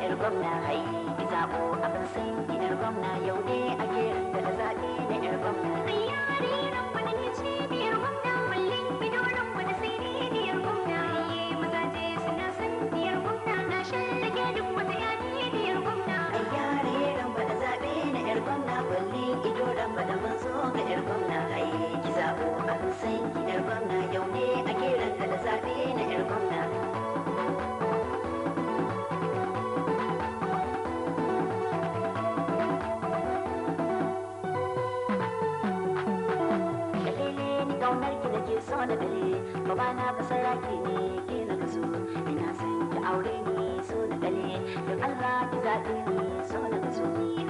yar gwamna hai ki zabo abin sai idar gwamna yau ne ake da zaɓe na yar gwamna ayyari nan wani ce babana ba saraki ne ke na kaso ina san ki aure ni so na gane don Allah ki zaɓe ni so na kaso ni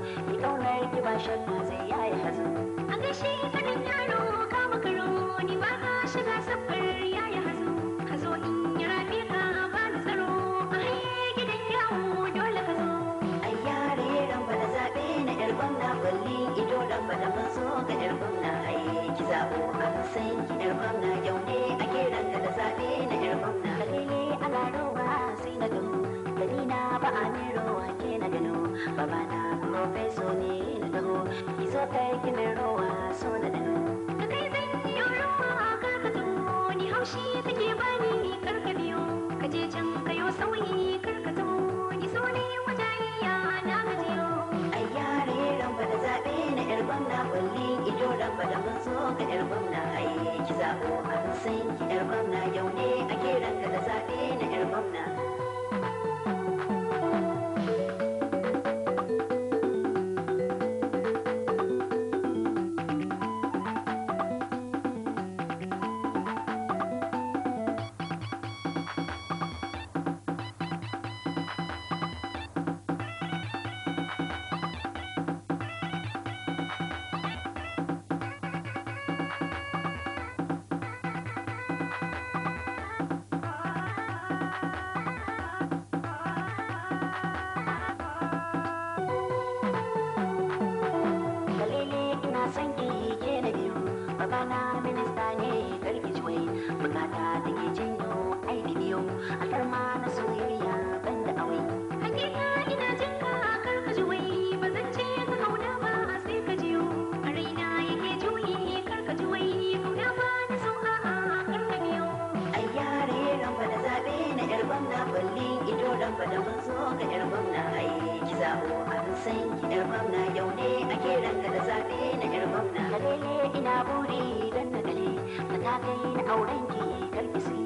mai ƙaunar ki ba shakka zai yayi hazo a gaishe faɗin yaro ka makaro ni ba ka shiga sabbar yayi hazo ka zo in ya ba ni tsaro a haye gidan yawo dole ka zo ai yare ran bada zaɓe na ƴar gwamna balli ido ran bada so ga ƴar gwamna kai ginin ruwa so na ɗan. Da kai zan yi ruwa kar ka tumo ni haushi kake bani kar ka biyo. Ka je can kayo sauyi kar ka tumo ni so ne wajaniya yare ramba da zaɓe na ƴar gwamna kwalli ido ramba da mun so ka ƴar gwamna ai ki zaɓo an san ki ƴar gwamna sunana minista ne karki juwe bukata ta ke janyo aiki biyu a karma na soyayya ban da aure hakika ina jin ka karka juwe ba zan ce ka kauna ba sai ka jiyo a raina yake juyi karka juwe kauna ba na son a'a karka biyo ai yare ran da zabe na yar gwamna kwalli ido ran da mun so ga yar gwamna dawo an san yar gwamna yau ne ake ranka da zaɓe na yar gwamna kalele ina buri dan na gale matakai na aurenki ki karkisi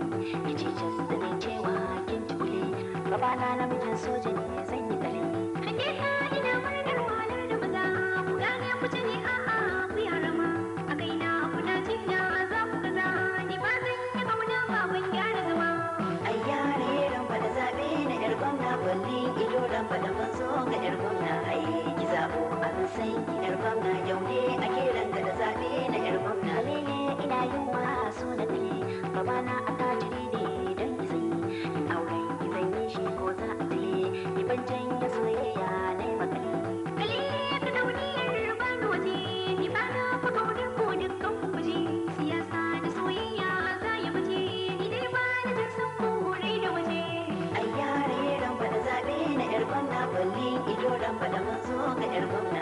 ki ce can da cewa kin tukule gabana namijin soja ne yar gwamna ai ki zabo abin sai ki yar gwamna yau ne ake da zaɓe na yar gwamna lele ina su so na dale na a tajiri ne don ki sanyi in ki zanyi shi ko za a dale ki ban animal.